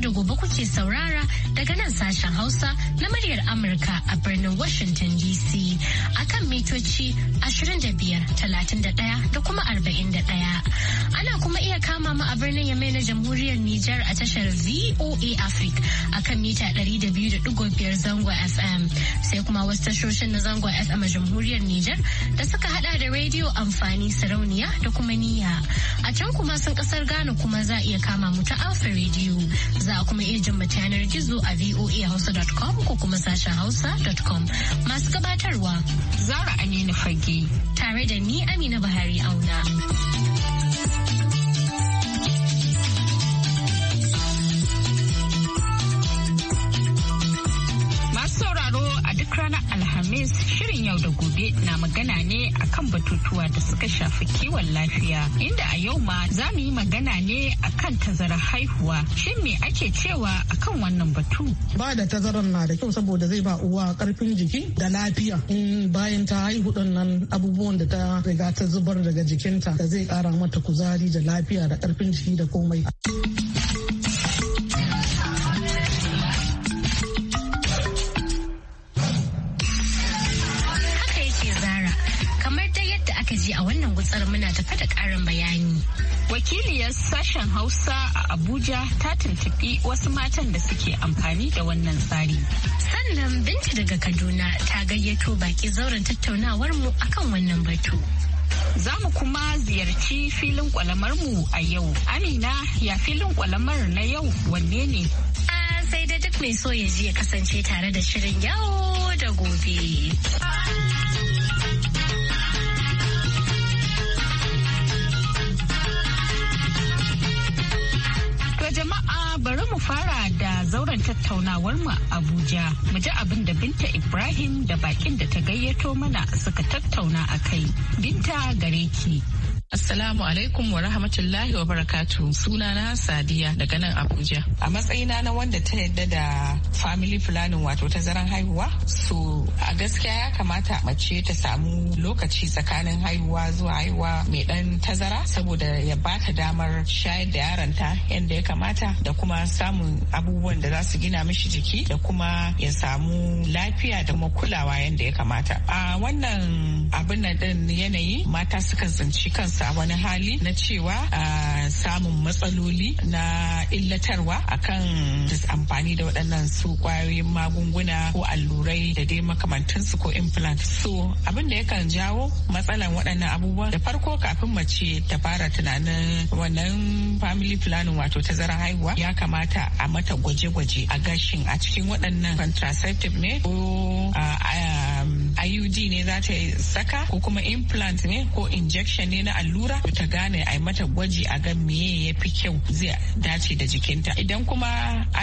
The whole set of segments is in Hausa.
da gobe kuke saurara daga nan sashen Hausa na muryar Amurka a birnin Washington DC kan mitoci 25,31 da kuma 41. Ana kuma iya kama mu a birnin Yamai na Jamhuriyar Nijar a tashar VOA Africa a kan mita 200.5 zango FM sai kuma wasu tashoshin na zango FM a Jamhuriyar Nijar da suka hada da rediyo amfani sarauniya da kuma niyya. A can kuma sun kasar Ghana kuma za a iya kama mu ta Alpha Radio za a kuma iya jin yanar gizo a a voahausa.com ko kuma sashen hausa.com masu gabatarwa zara aminu fage tare da ni amina buhari auna. yau da gobe na magana ne akan batutuwa da suka shafi kiwon lafiya inda a yau ma za mu yi magana ne akan tazarar haihuwa shin me ake cewa akan wannan batu ba da tazarar na da kyau saboda zai ba uwa karfin jiki da lafiya in bayan ta haihu din nan abubuwan da ta riga ta zubar daga jikinta da zai kara mata kuzari da lafiya da karfin jiki da komai. aka ji a wannan gutsar muna tafa da ƙarin bayani. Wakiliyar sashen Hausa a Abuja ta tuntuɓi wasu matan da suke amfani da wannan tsari. Sannan Binta daga Kaduna ta gayyato baki zauren tattaunawar mu akan wannan batu. Za mu kuma ziyarci filin kwalamar mu a yau. Amina ya filin kwalamar na yau wanne ne? sai da duk mai so ya ji ya kasance tare da shirin yau da gobe. mu fara da zauren tattaunawar mu Abuja mu ji abin da Binta Ibrahim da bakin da ta gayyato mana suka tattauna a kai. Binta gare ki. Assalamu alaikum wa rahmatullahi wa barakatu. Sunana Sadiya daga nan Abuja. A matsayina na wanda ta yadda da family planning wato tazaran haihuwa. So a gaskiya ya kamata mace ta samu lokaci tsakanin haihuwa zuwa haihuwa mai dan tazara saboda ya ba ta damar shayar da yaronta yadda ya kamata da kuma samun abubuwan da za su gina mishi jiki da kuma ya samu lafiya da kuma kulawa yadda ya kamata. A wannan abin nan din yanayi mata sukan tsinci kansu A wani hali na cewa samun matsaloli na illatarwa akan amfani da waɗannan su kwayoyin magunguna ko allurai da dai makamantansu ko implant so abin da yakan jawo matsalan waɗannan abubuwan da farko kafin mace ta fara tunanin wannan family planning wato ta tazarar haihuwa ya kamata a mata gwaje-gwaje a gashin a cikin waɗannan contraceptive ne ko IUD ne za ta saka ko kuma implant ne ko injection ne na allura ta gane a mata gwaji a ga meye ya fi kyau zai dace da jikinta idan kuma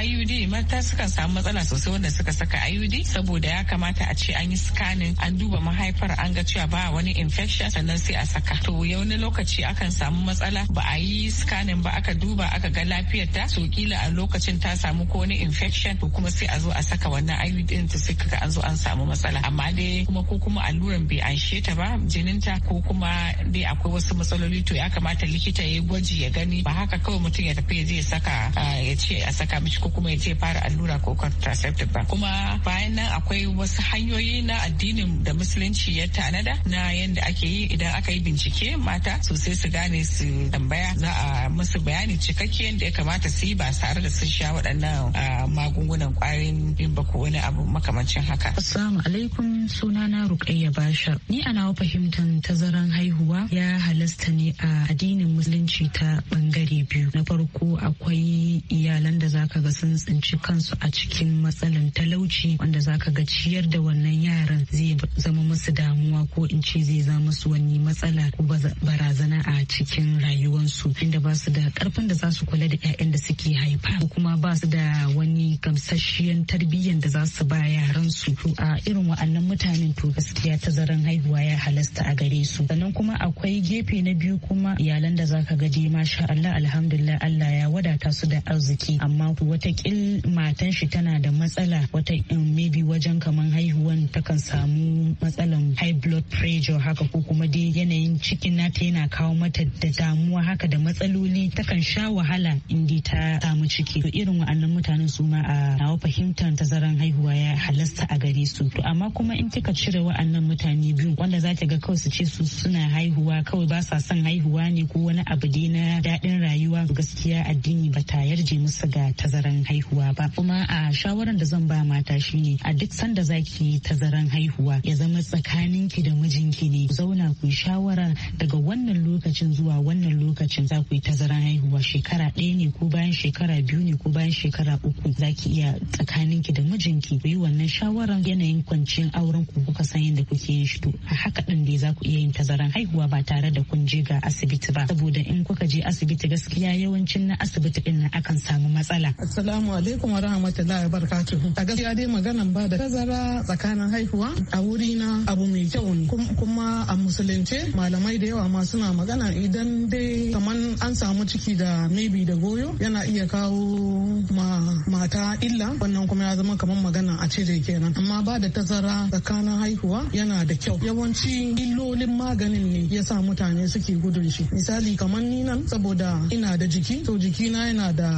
IUD mata sukan samu matsala sosai wanda suka saka IUD saboda ya kamata a ce an yi scanning an duba mahaifar an ga cewa ba wani infection sannan sai a saka to yauni lokaci akan samu matsala ba a yi scanning ba aka duba aka ga lafiyar ta so kila a lokacin ta samu ko wani infection to kuma sai a zo a saka wannan IUD din ta sai kaga an zo an samu matsala amma dai kuma ko kuma alluran bai anshe ta ba jininta ko kuma dai akwai wasu matsaloli to ya kamata likita ya yi gwaji ya gani ba haka kawai mutum ya tafi zai saka ya ce a saka mishi ko kuma ya ce fara allura ko contraceptive ba kuma bayan nan akwai wasu hanyoyi na addinin da musulunci ya tanada na yadda ake yi idan aka yi bincike mata sosai su gane su tambaya za a musu bayani cikakke da ya kamata su yi ba tare da sun sha waɗannan magungunan kwayoyin bimba ko wani abu makamancin haka. Assalamu alaikum sunana Rukayya Basha ni ana fahimtar tazaran haihuwa ya halatta halasta ne a addinin musulunci ta bangare biyu na farko akwai iyalan da zaka ga sun tsinci kansu a cikin matsalan talauci wanda zaka ga ciyar da wannan yaran zai zama musu damuwa ko in ce zai zama musu wani matsala ko barazana a cikin rayuwansu inda ba su da karfin da za su kula da 'ya'yan da suke haifa ko kuma ba su da wani gamsasshiyan tarbiyyan da za su ba yaran su a irin wa'annan mutanen to gaskiya tazaran haihuwa ya halasta a gare su sannan kuma akwai gefe gefe na biyu kuma iyalan da zaka ga gaje masha Allah alhamdulillah Allah ya wadata su da arziki amma kil matan shi tana da matsala wata um, maybe wajen kaman haihuwan kan samu matsalan high blood pressure haka ko kuma dai yanayin cikin nata yana kawo mata da damuwa haka da matsaloli ta kan sha wahala in dai ta samu ciki to irin wa'annan mutanen su ma a nawa fahimtar tazaran haihuwa ya halasta a gare su to amma kuma in kika cire wa'annan mutane biyu wanda za ta ga kawai su ce su suna haihuwa kawai ba ba sa son haihuwa ne ko wani abu dai na daɗin rayuwa gaskiya addini ba ta yarje musu ga tazaran haihuwa ba kuma a shawaran da zan ba mata shine a duk sanda zaki tazaran haihuwa ya zama tsakaninki da mijinki ne zauna ku shawara daga wannan lokacin zuwa wannan lokacin za ku yi tazaran haihuwa shekara ɗaya ne ko bayan shekara biyu ne ko bayan shekara uku za ki iya tsakaninki da mijinki ku yi wannan shawaran yanayin kwanciyar auren ku kuka san yadda kuke yin shi to a haka ɗin dai za ku iya yin tazaran haihuwa ba tare da kun je ga asibiti ba saboda in kuka je asibiti gaskiya yawancin na asibiti din na akan samu matsala assalamu alaikum wa rahmatullahi wa barakatuh a gaskiya dai maganan ba da tazara tsakanin haihuwa a wuri na abu mai kyau kuma a musulunce malamai da yawa ma suna magana idan dai kaman an samu ciki da maybe da goyo yana iya kawo ma mata illa wannan kuma ya zama kaman magana a cire kenan amma ba da tazara tsakanin haihuwa yana da kyau yawanci illolin maganin ne ya sa mutane mutane suke gudun shi misali kamar ni nan saboda ina da jiki to jiki na yana da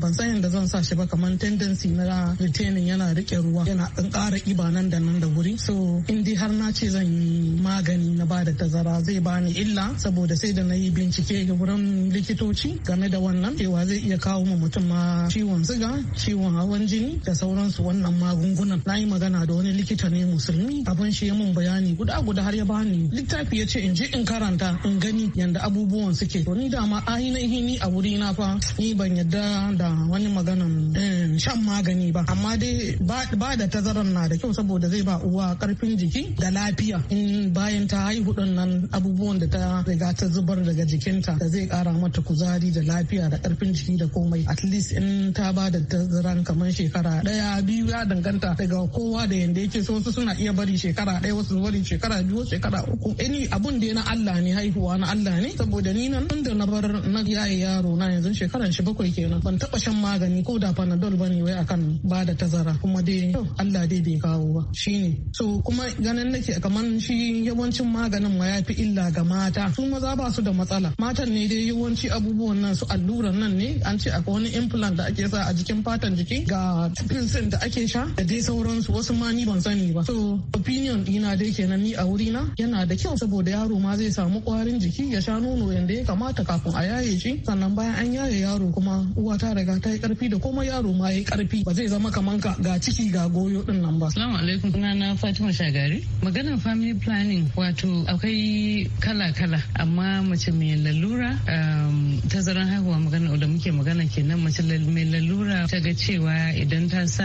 ban san yadda zan sa shi ba kamar tendency na retaining yana rike ruwa yana dan ƙara iba nan da nan da wuri so in dai har na ce zan yi magani na bada tazara zai bani illa saboda sai da na yi bincike ga wurin likitoci game da wannan cewa zai iya kawo ma mutum ma ciwon siga ciwon hawan jini da sauransu wannan magungunan na yi magana da wani likita ne musulmi abin shi ya mun bayani guda guda har ya bani littafi ya ce in je in karanta in gani yanda abubuwan suke to ni da ma ainihin ni a wuri na fa ni ban yadda da wani maganan eh, shan magani ba amma dai ba da tazarar na da kyau saboda zai ba uwa karfin jiki da lafiya in bayan ta haihu din nan abubuwan da ta riga ta zubar daga jikinta da zai kara mata kuzari da lafiya da karfin jiki da komai at least in ta ba da tazaran kamar shekara daya biyu ya danganta daga kowa da yanda yake so wasu suna iya bari shekara daya wasu bari shekara biyu shekara uku any abun da na Allah ne haihu haihuwa na Allah ne saboda ni nan tun da na bar na yaye yaro na yanzu shekaran shi bakwai kenan ban taba shan magani ko da panadol ne. wai akan ba da tazara kuma dai Allah dai bai kawo ba shine so kuma ganin nake kaman shi yawancin maganin ma yafi illa ga mata su maza ba su da matsala matan ne dai yawanci abubuwan nan su alluran nan ne an ce akwai wani implant da ake sa a jikin fatan jiki ga pills da ake sha da dai sauransu wasu ma ni ban sani ba so opinion dina dai kenan ni a wurina yana da kyau saboda yaro ma zai samu kwari kwarin jiki ya sha nono yadda ya kamata kafin a yaye shi sannan bayan an yaye yaro kuma uwa ta riga ta yi karfi da kuma yaro ma ya karfi ba zai zama kaman ka ga ciki ga goyo din nan ba. Assalamu alaikum na Fatima Shagari. Maganar family planning wato akwai kala-kala amma mace mai lalura um, tazaran haihuwa magana da muke magana kenan mace mai lalura ta ga cewa idan ta sa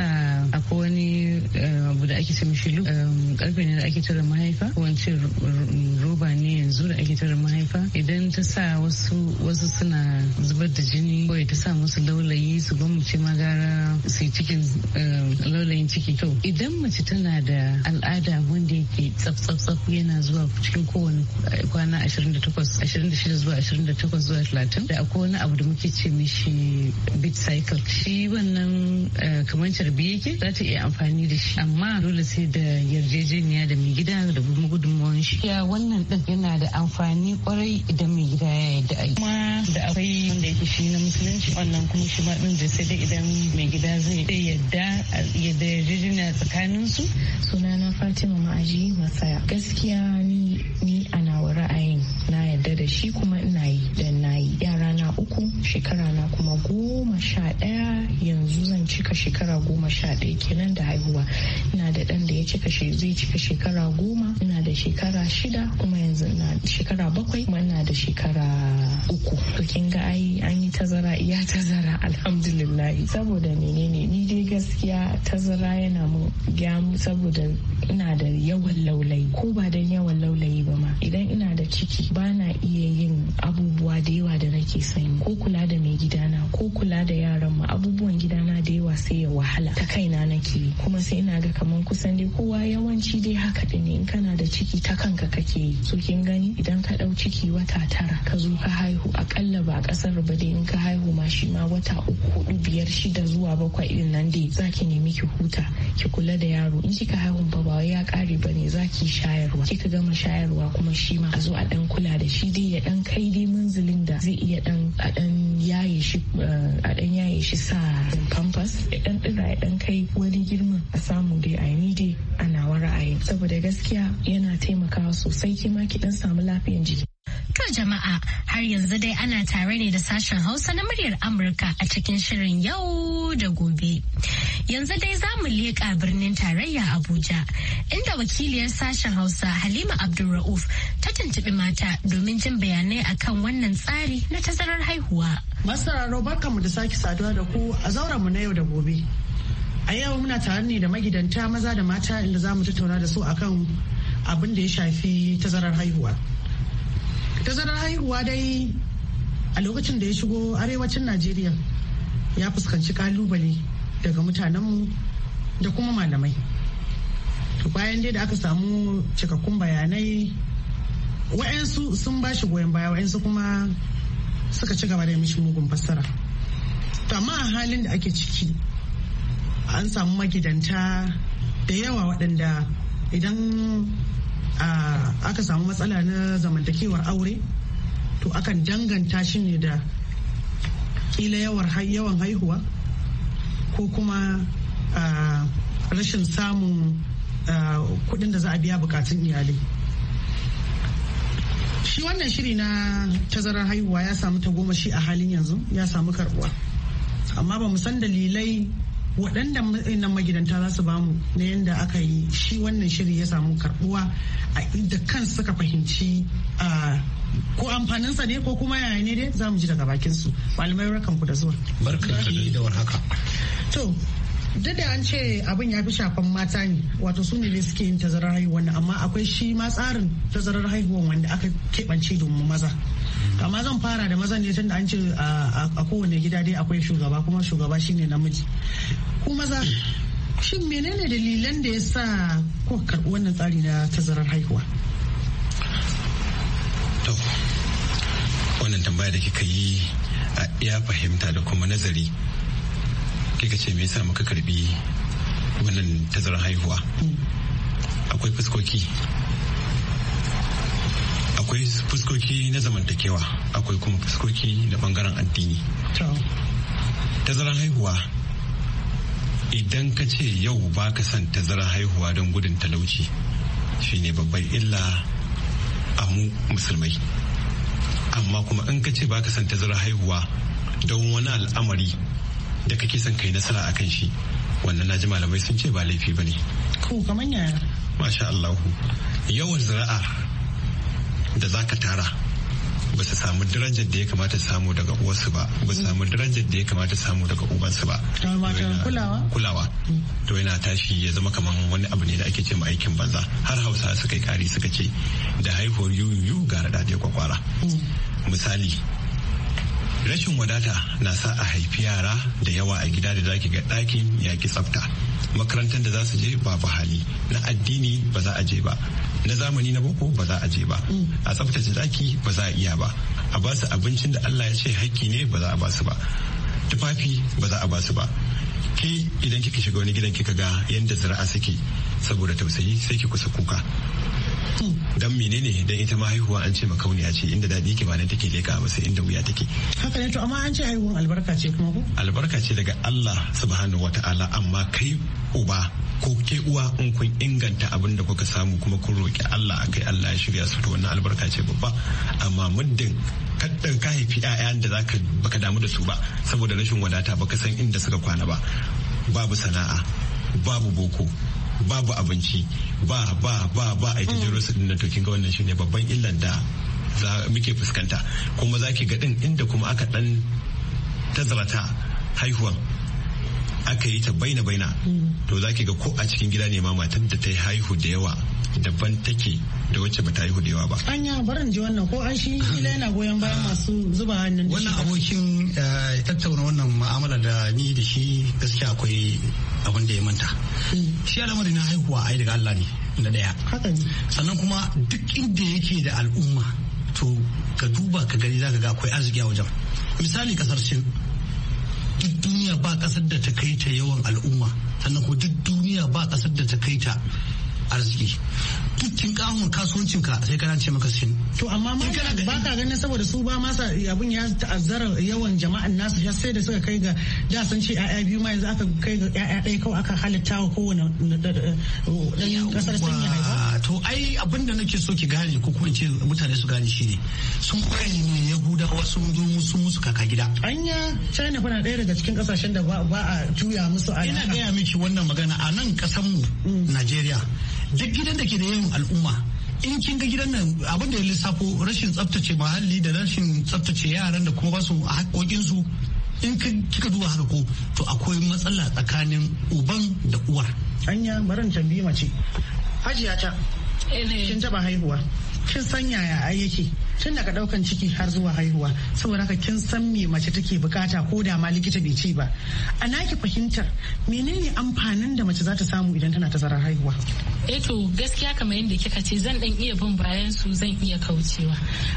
akwai wani um, abu da ake ce mishi karfe um, ne da ake tara mahaifa wancan roba ne yanzu da ake tara bangaren mahaifa idan ta sa wasu wasu suna zubar da jini kawai ta sa musu laulayi su gwamnati ma gara su cikin eh, laulayin ciki to idan mace tana da al'ada wanda yake tsaf yana zuwa cikin kowane kwana 28 26 zuwa 28 zuwa 30 da akwai wani abu da muke ce mishi bit cycle shi wannan eh, kamar carbi yake za ta iya amfani da shi amma dole sai da yarjejeniya da mai gida da gudunmawar shi ya wannan din yana da amfani ne kwarai idan mai gida ya yarda a kuma da akwai wanda yake shi na musulunci wannan kuma shi ma ɗin da sai dai idan mai gida zai yadda yadda yarjejeniya tsakanin su sunana Fatima Ma'aji Masaya gaskiya ni ni ana ra'ayin na yadda da shi kuma ina yi da uku shekara na kuma goma sha ɗaya yanzu zan cika shekara goma sha ɗaya kenan da haihuwa ina da ɗan da ya cika zai cika shekara goma ina da shekara shida kuma yanzu ina shekara bakwai kuma ina da shekara uku to kin ga ai an yi tazara iya tazara alhamdulillah saboda menene ni dai gaskiya tazara yana mun gyamu saboda ina da yawan laulayi ko ba don yawan laulayi ba ma idan ina da ciki ba na iya yin abubuwa da yawa da nake son ko kula da mai gidana ko kula da yaran mu abubuwan gidana da yawa sai ya wahala ta kaina nake kuma sai ina ga kaman kusan dai kowa yawanci dai haka din in kana da ciki ta kanka kake yi so kin gani idan ka ɗau ciki wata tara ka zo ka haihu akalla ba ƙasar ba dai in ka haihu ma shi ma wata uku hudu biyar shida zuwa bakwai irin nan dai zaki nemi ki huta ki kula da yaro in kika haihu ba ba ya kare ba ne zaki shayarwa kika gama shayarwa kuma shi ma a zo a dan kula da shi dai ya ɗan kai dai manzilin da zai iya ɗan. a dan eh, yaye shi sa pampas ya dan dira ya dan kai wani girman a samu dai a yi dai a nawa ra'ayin saboda gaskiya yana taimakawa sosai kima ki dan samu lafiyan jiki To jama'a har yanzu dai ana tare ne da sashen Hausa na muryar Amurka a cikin shirin yau da gobe. Yanzu dai za mu leƙa birnin tarayya Abuja inda wakiliyar sashen Hausa Halima Abdulra'uf ta tuntuɓi mata domin jin bayanai akan wannan tsari na tazarar haihuwa. Masararo mu da sake saduwa da ku a zauren mu na yau da gobe. A yau muna tare ne da magidanta maza da mata inda za mu tattauna da su akan abin da ya shafi tazarar haihuwa. tazarar haihuwa dai a lokacin da ya shigo arewacin najeriya ya fuskanci kalubale daga mutanenmu da kuma malamai to bayan dai da aka samu cikakkun bayanai wa'ansu sun ba shi goyon baya wa'ansu kuma suka ci gaba da mishi mugun fassara to amma a halin da ake ciki an samu magidanta da yawa waɗanda idan aka samu matsala na zamantakewar aure to akan danganta shi ne da kila yawan haihuwa ko kuma rashin samun kudin da za a biya bukatun iyali shi wannan shiri na tazarar haihuwa ya samu tagomashi a halin yanzu ya samu karbuwa amma ba san dalilai waɗanda matsayin magidanta za su bamu na yadda aka yi shi wannan shiri ya samu karbuwa a inda kan suka fahimci ko amfaninsa ne ko kuma yaya ne dai za mu ji daga bakin su malamai rakan ku da zuwa to duk da an ce abin ya fi shafan mata ne wato su ne suke yin tazarar haihuwa amma akwai shi ma tsarin tazarar haihuwa wanda aka keɓance domin maza amma zan fara da mazan ne tun da an ce a kowane gida dai akwai shugaba kuma shugaba shine namiji ku maza shin menene dalilan da ya sa kuka karɓi wannan tsari na tazarar haihuwa to wannan tambaya da kika yi a ya fahimta da kuma nazari kika ce me yasa muka karbi wannan tazarar haihuwa hmm. akwai fuskoki akwai fuskoki na zamantakewa akwai kuma fuskoki na bangaren addini tazaran haihuwa idan ka ce yau ba ka son tazaran haihuwa don gudun talauci shine babbar illa a mu musulmai amma kuma in ka ce ba ka son tazaran haihuwa don wani al'amari da kake son kai nasara a kan shi wannan naji malamai sun ce ba laifi ba ne. Ko kamar yaya? Masha Allahu. Yawan zira'a da za ka tara ba su samu darajar da ya kamata samu daga uwarsu ba ba su samu darajar da ya kamata samu daga ubansu ba kulawa mm. to yana tashi ya zama kamar wani abu ne da ake ce aikin banza har hausa suka yi kari suka ce da haihuwar yuyu gara da ya kwakwara mm. misali rashin wadata na sa a haifi yara da yawa a gida da zaki ga ɗakin ki tsafta makarantar da za su je babu hali na addini ba za a je ba na zamani na boko ba za a je ba a tsaftace zaki ba za a iya ba a ba su abincin da Allah ya ce hakki ne ba za a ba su ba tufafi ba za a ba su ba ke idan kika shiga wani gidan kika ga yadda zira'a suke saboda tausayi sai ki kusa kuka dan menene dan ita ma an ce makauniya ce inda dadi ke ba nan take leka ba sai inda wuya take haka ne to amma an ce haihuwan albarka ce kuma ko albarka ce daga Allah subhanahu wataala amma kai uba ko ke uwa in kun inganta abin da kuka samu kuma kun roki Allah akai Allah ya shirya su to wannan albarka ce babba amma muddin kaddan ka haifi 'ya'yan da zaka baka damu da su ba saboda rashin wadata baka san inda suka kwana ba babu sana'a babu boko babu abinci ba ba ba ba a ita jero su dinnan to kinga wannan ne babban illan da za muke fuskanta kuma za ki ga inda kuma aka ɗan tazarata haihuwan aka yi ta baina baina mm. to za ki ga ko a cikin gida ne ma matar da ta yi haihu da yawa daban take da wacce ba ta yi hudewa ba. Anya barin ji wannan ko an shi ila yana goyon bayan masu zuba hannun. Wannan abokin eh, tattauna wannan mu'amala da ni da shi gaskiya akwai abin da ya manta. Hmm. Shi al'amari na haihuwa ai daga Allah ne na daya. Sannan kuma duk inda yake da al'umma to ka duba ka gani zaka ga akwai arziki a wajen. Misali kasar Sin duk duniya ba kasar da ta kai ta yawan al'umma sannan ko duk duniya ba kasar da ta kai ta arziki dukkin kahun kasuwancin ka sai kana ce maka sin to amma ma ba ka ganin saboda su ba masa abin ya ta'azzara yawan jama'an nasu ya sai da suka kai ga da san ce ya'ya biyu ma yanzu aka kai ga ya'ya ɗaya kawai aka halitta wa kowane ɗan kasar sun yi to ai abin da nake so ki gane ko kuma ce mutane su gane shi ne sun kwari ne yahudawa wasu zo musu musu kaka gida anya china fana ɗaya daga cikin kasashen da ba a juya musu ina gaya miki wannan magana a nan mu mm. najeriya duk gidan da ke da yin al'umma in kin ga gidan nan abin da ya lissafo rashin tsaftace muhalli da rashin tsaftace yaran da kuma ba su haƙoƙinsu in kika duba haka ko to akwai matsala tsakanin uban da uwar. Anya maran tambi mace. Hajiya ta. Eh, kin taba haihuwa. Kin san yaya ai yake. tun daga daukan ciki har zuwa haihuwa saboda haka kin san me mace take bukata ko da ma likita bai ce ba a naki fahimtar menene amfanin da mace za ta samu idan tana tazarar haihuwa eh to gaskiya kamar yadda kika ce zan dan iya bin bayan su zan iya kaucewa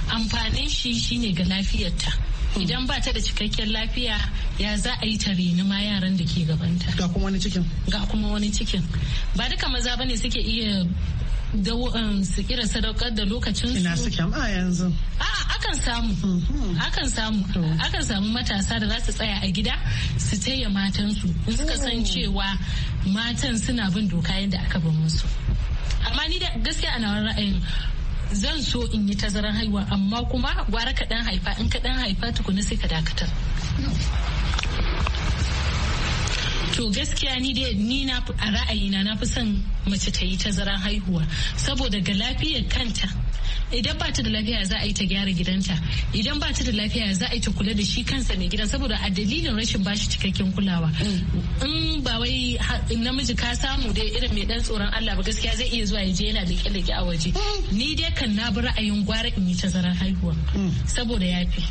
amfanin shi shine ga lafiyarta hmm. idan ba ta da cikakken lafiya ya za a yi tare ni ma yaran da ke gabanta ga kuma wani cikin ga kuma wani cikin ba duka maza bane suke iya da um, su kira sadaukar da lokacin su ina su a yanzu a akan samu mm-hmm. akan samu akan samu matasa da za su tsaya a gida su taya matan su suka mm. san cewa matan suna bin doka yadda aka bin musu amma ni da gaskiya nawar ra'ayin zan so in yi tazarar haihuwa amma kuma gwara kaɗan haifa in kaɗan haifa tukuna sai ka dakatar To gaskiya ni dai ni na a ra'ayina na fi son mace ta yi tazaran haihuwa saboda ga lafiyar kanta idan ba ta da lafiya za a yi ta gyara gidanta idan ba ta da lafiya za a yi ta kula da shi kansa mai gidan saboda a dalilin rashin bashi cikakken kulawa mm. in ba wai namiji ka samu dai irin mai dan tsoron Allah ba gaskiya zai iya zuwa ya je yana leke leke a waje mm. ni dai kan na bi ra'ayin gwara in yi tazaran haihuwa mm. saboda yafi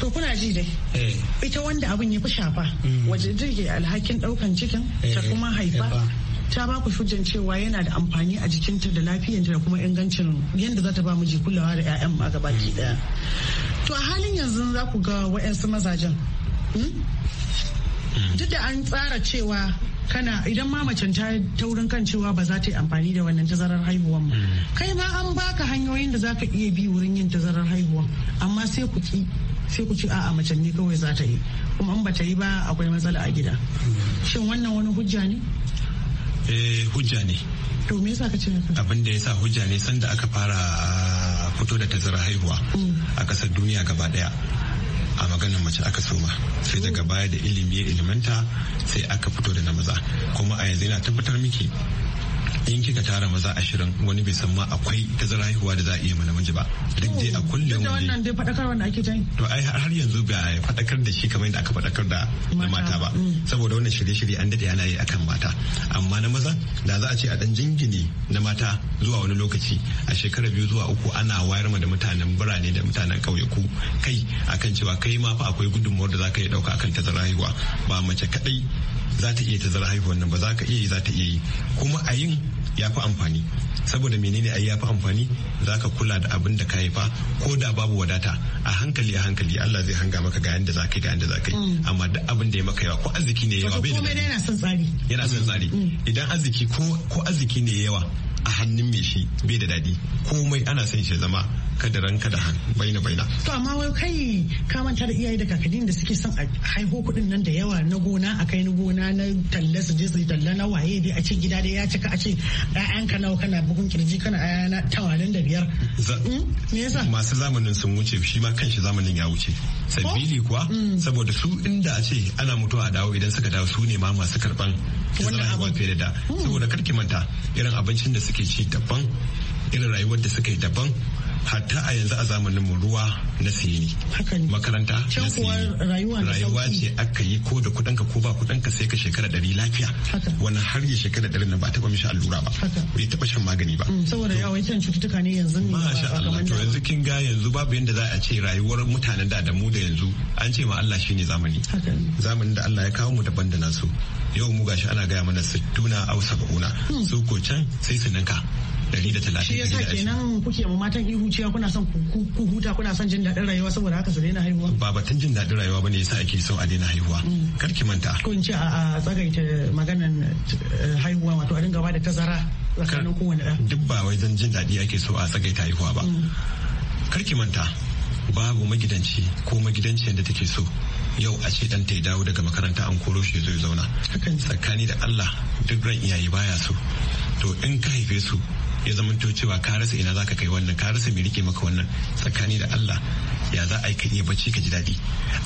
to kuna ji dai eh. ita wanda abin ya fi shafa hmm. waje jirge alhakin daukan cikin ta eh, kuma haifa ta ba ku fujin cewa yana da amfani a jikinta da lafiyanta da kuma ingancin yadda za ta ba miji kulawa da 'ya'yan a gaba ki daya hmm. to a halin yanzu za ku ga wa'yansu mazajen hmm? duk da an tsara cewa kana idan ma macen ta taurin kan cewa ba za ta yi amfani da wannan tazarar haihuwan ba hmm. kai ma an baka hanyoyin da za ka iya bi wurin yin tazarar haihuwan amma sai ku ki sai ku ci a'a macen ne kawai za ta yi kuma an bata yi ba akwai matsala a gida hmm. shin wannan wani hujja ne eh hujja ne to me yasa ka ce abin da yasa hujja ne sanda aka fara fito da tazarar haihuwa hmm. a kasar duniya gaba daya a maganar mace aka soma sai daga baya da ilimi ya ilimanta sai aka fito da na maza kuma a yanzu yana tabbatar miki in kika tara maza ashirin wani bai san ma akwai tazara haihuwa da za a iya mana miji ba duk dai a kullum wani wannan dai fadakar wanda ake to ai har yanzu ba fadakar da shi kamar yadda aka fadakar da mata ba mm. saboda wannan shirye-shirye an dade ana yi akan mata amma na maza da za a ce a dan jingine na mata zuwa wani lokaci a shekara biyu zuwa uku ana wayar ma da mutanen birane da mutanen ƙauyaku kai akan cewa kai ma fa akwai gudunmuwar da za ka iya dauka akan tazara haihuwa ba mace kaɗai za ta iya tazara haihuwar nan ba za ka iya yi za ta iya yi kuma a yin ya fi amfani saboda menene ayi ya fi amfani za ka kula da abin da ka haifa ko da babu wadata a hankali a hankali Allah zai hanga maka ga yanda za ka yi ga yanda za ka yi mm. amma duk abin da ya maka yawa ko arziki ne yawa bai da yana son tsari yana son tsari mm. Mm. idan arziki ko arziki ne yawa a hannun mai shi bai da daɗi komai ana son shi zama kada ranka da baina baina to amma wai kai ka manta da iyaye da kakannin da suke son a haihu kuɗin nan da yawa na gona a kai na gona na talla su je su talla na waye dai a ce gida dai ya cika a ce ƴaƴanka nawa kana bugun kirji kana na tawanin da biyar hmm? me yasa masu zamanin sun wuce shi ma kanshi zamanin ya wuce sabili kuwa hmm. saboda su inda a ce ana mutuwa a dawo idan suka dawo su ne ma masu karban wannan abin da hmm. saboda karki manta irin abincin da suke ci daban irin rayuwar da suke daban hatta a yanzu a zamanin mu ruwa na siye ne makaranta na siye rayuwa ce aka yi ko da kudanka ko ba kudanka sai ka shekara ɗari lafiya wani har ya shekara ɗari na ba taba mishi allura ba bai taba shan magani ba mm. saboda yawancin cututtuka ne yanzu ne masha Allah to yanzu kin ga yanzu babu yanda za a ce rayuwar mutanen da da mu da yanzu an ce ma Allah shine zamani zamanin da Allah ya kawo mu daban da nasu yau mu gashi ana gaya mana sittuna au sab'una hmm. su ko can sai su shi yasa kenan kuke mu matan ihu cewa kuna son ku huta kuna son jin daɗin rayuwa saboda haka su daina haihuwa ba batun jin daɗin rayuwa bane yasa ake son a daina haihuwa mm. kar ki manta ko in ce a tsagaita maganan eh, haihuwa wato a dinga ba da tazara tsakanin kowane ɗa duk ba wai zan jin daɗi ake so a tsagaita haihuwa ba mm. kar ki manta babu magidanci ko magidanci da take so yau a ce dan ta dawo daga makaranta an koro shi zai zauna tsakani da Allah duk ran iyaye baya so to in ka haife su ya zamanto cewa ka rasa ina zaka kai wannan ka rasa me rike maka wannan tsakani da Allah ya za a ka iya bacci ka ji daɗi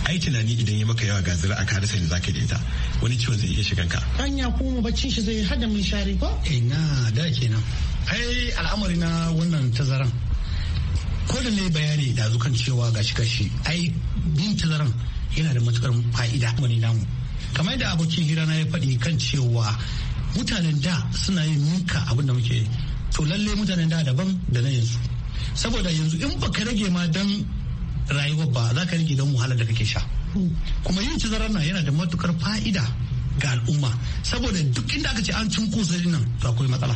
ai tunani idan ya maka yawa gazira a ka rasa ina zaka da ita wani ciwon zai iya shigan ka anya kuma bacci shi zai hada mun share ko ina da kenan ai al'amari na wannan tazaran ko da ne bayani da kan cewa gashi gashi ai bin tazaran yana da matukar fa'ida wani namu kamar da abokin hira na ya faɗi kan cewa mutanen da suna yin ninka abin da muke to lalle mutanen da daban da na yanzu saboda yanzu in baka rage ma dan rayuwar ba za ka rage don wahalar da kake sha kuma yin tazarar na yana da matukar fa'ida ga al'umma saboda duk inda aka ce an cin kusuri nan to akwai matsala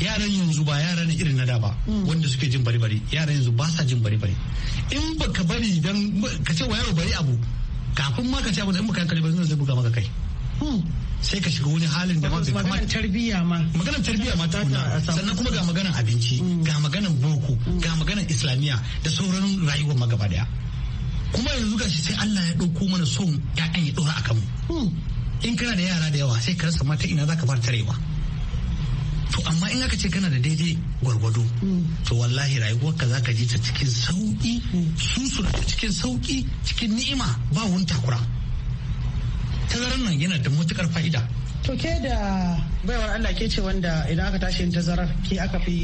yaran yanzu ba yara ne irin na da ba mm. wanda suke jin bari bari yaran yanzu ba sa jin bari bari in baka bari dan ka ce wa yaro bari abu kafin ma ka ce abu da in baka hankali ba zai buga maka kai mm. sai ka shiga wani halin da ma kuma tarbiyya ma maganar tarbiyya ma ta sannan kuma ga maganar abinci ga maganar boko ga maganar islamiyya da sauran rayuwar magaba daya kuma yanzu gashi sai Allah ya dauko mana son ya'yan ya dora akan mu in kana da yara da yawa sai ka rasa mata ina zaka fara tarewa to amma in aka ce kana da daidai gwargwado to wallahi rayuwarka ka ka ji ta cikin sauki su su cikin sauki cikin ni'ima ba wani takura tazarar nan yana da matukar fa'ida to ke da baiwar Allah ke ce wanda idan aka tashi yin tazarar ke aka fi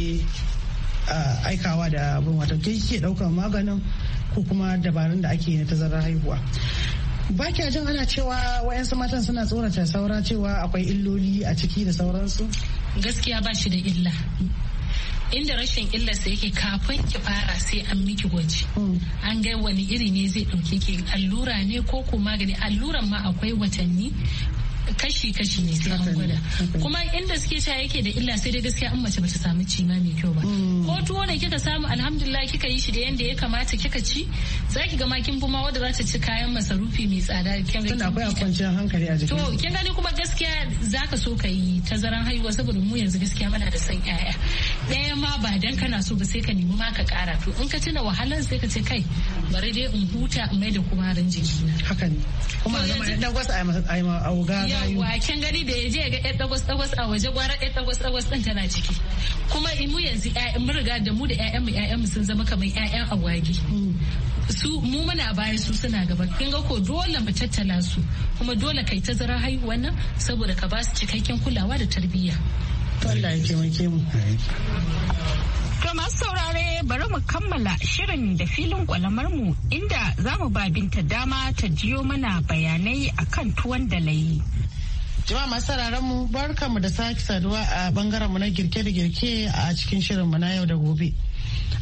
aikawa da abin wato ke ke daukar maganin ko kuma dabarun da ake na tazarar haihuwa ba kya jin ana cewa wayansu matan suna tsorata saura cewa akwai illoli a ciki da sauransu gaskiya ba shi da illa inda rashin illarsa yake kafin ki fara sai an miki gwaji mm. an ga wani iri ne zai ɗauke ki allura ne ko ko magani alluran ma akwai watanni kashi-kashi ne sai an gwada kuma inda suke sha yake da illa sai dai gaskiya an mace bata samu cima mai kyau ba mm. ko tuwo ne kika samu alhamdulillah kika yi shi da yanda ya kamata kika ci zaki ga makin buma wanda za ta ci kayan masarufi mai tsada kin ga tana akwai kwanciyar hankali a jikin to kin gani kuma gaskiya zaka so ka yi tazaran haihuwa saboda mu yanzu gaskiya muna da san yaya ɗaya ma ba dan kana so ba sai ka nemi ma ka kara to in ka tuna wahalar sai ka ce kai bari dai in huta in mai da kumarin jiki na haka ne kuma a zama dan wasu a yi ma wuga waken gani da ya je ga yan takwas a waje gwara yan takwas takwas din tana ciki kuma mu yanzu mu riga da mu da ƴaƴan mu ƴaƴan mu sun zama kamar ƴaƴan agwagi su mu muna bayan su suna gaba kin ga ko dole mu tattala su kuma dole kai tazarar haihuwa nan saboda ka ba su cikakken kulawa da tarbiyya Allah ya ke mu To masu saurare bari mu kammala shirin da filin kwalamar mu inda zamu mu ba binta dama ta jiyo mana bayanai akan tuwon da layi. Jama'a masu sauraron mu da sake saduwa a bangaren mu na girke da girke a cikin shirin mu na yau da gobe.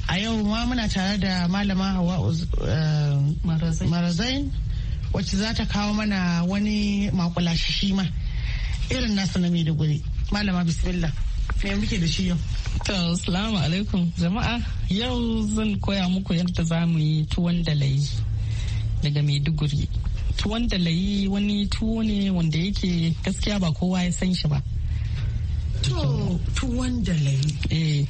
A yau ma muna tare da malama Hawa eh, Marazain wacce za ta kawo mana wani makulashi shi ma irin nasu na da Malama bismillah. Me muke da shi yau? To, salamu alaikum jama'a. Yau zan koya muku yadda za mu yi tuwon dalai daga Maiduguri. tuwon da layi wani tuwo ne wanda yake gaskiya ba kowa ya san shi ba tuwon da layi eh,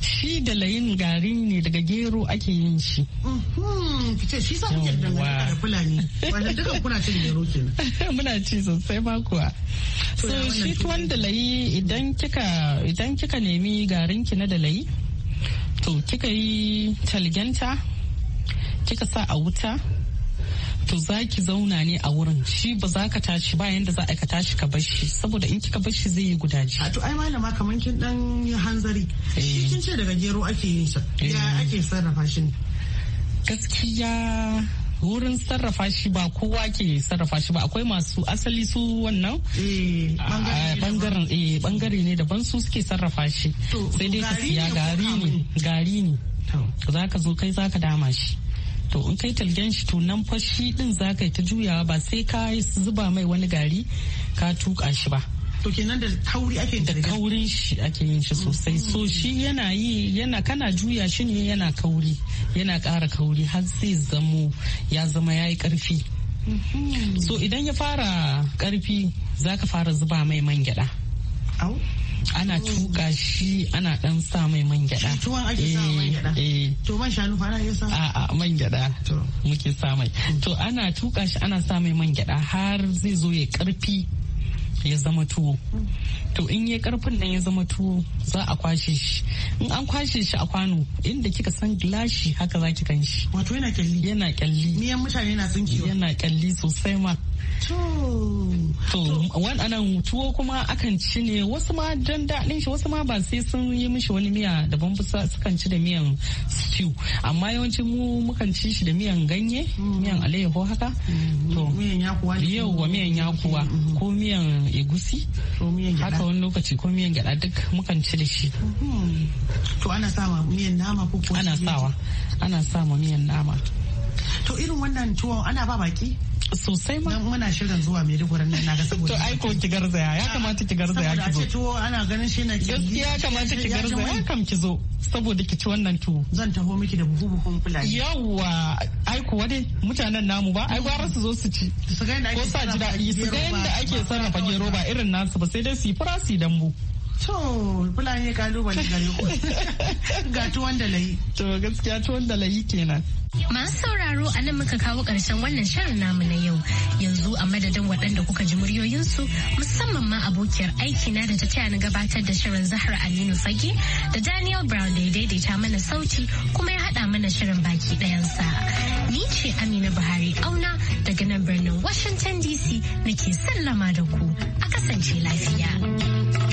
shi da layin gari ne daga gero ake yin shi. Fice mm-hmm. shi sa kuke gari da Fulani, wanda duka kuna cin gero kenan. Muna ci sosai ba kuwa. So shi tuwon da layi idan kika idan kika nemi garin ki na da layi, to kika yi talgenta, kika sa a wuta, to za ki zauna ne a wurin shi ba za ka tashi ba yanda za a ka tashi ka bar shi saboda in kika bar shi zai yi gudaji. A to ai malama kamar kin dan hanzari eh. shi kin ce daga gero ake yin sa ya eh. ake sarrafa shi ne. Gaskiya wurin sarrafa shi ba kowa ke sarrafa shi ba akwai masu asali su wannan eh, bangare ne daban su suke sarrafa shi sai dai ka siya gari ne gari ne za ka zo kai za ka dama shi to in kai talgen shi to nan fa shi din za ka yi ta juyawa ba sai ka zuba mai wani gari ka tuka shi ba to kenan da kauri ake da kaurin shi ake yin shi sosai mm. so shi yana yi yana kana juya shi ne yana kauri yana ƙara kauri har sai zamo ya zama yayi karfi mm-hmm. so idan ya fara ƙarfi za ka fara zuba mai man gyaɗa ana tuka shi ana dan sa mai man gyada tuwon ake sa eh, eh. man gyada to man shanu ana ya sa a a man gyada muke sa mai to ana tuka shi ana sa mai man gyada har zai zo ya karfi ya zama tuwo to in ya karfin nan ya zama tuwo za a kwashe shi in an kwashe shi a kwano inda kika san gilashi haka za ki kan shi wato yana kyalli yana kyalli miyan mutane na tsinkewa yana kyalli sosai ma to wannan tuwo kuma akan ci ne wasu ma don daɗin shi wasu ma ba sai sun yi mishi wani miya daban ba sukan ci da miyan stew amma yawanci mu mukan ci shi da miyan ganye miyan mm. alayyaho haka mm. to miyan yakuwa yauwa miyan yakuwa mm. ko miyan egusi haka wani lokaci ko miyan gyada duk mukan ci da shi hmm. to ana sawa miyan nama ko ana sawa ana sawa miyan nama to irin wannan tuwo ana ba baki sosai ma muna shirin zuwa Maiduguri na ga saboda to ai ko ki garzaya ya kamata ki garzaya ki zo tuwo ana ganin shi na ki gaskiya kamata ki garzaya kam ki zo saboda ki ci wannan tuwo zan taho miki da buhu buhun fulani yawa ai ko dai mutanen namu ba ai gwara su zo su ci ko sa ji daɗi su ga yadda ake sarrafa gero ba irin nasu ba sai dai su yi fura su yi dambu To, fulani kalubale gare ku. Ga tuwon da layi. To, gaskiya tuwon da layi kenan. Masu sauraro a nan muka kawo ƙarshen wannan shirin namu na yau. Yanzu a madadin waɗanda kuka ji muryoyinsu musamman ma abokiyar aikina da ta taya ni gabatar da shirin Zahra Aminu Fage da Daniel Brown da ya daidaita mana sauti kuma ya haɗa mana shirin baki ɗayansa. Ni ce Amina Buhari Auna daga nan birnin Washington DC nake sallama da ku a kasance lafiya.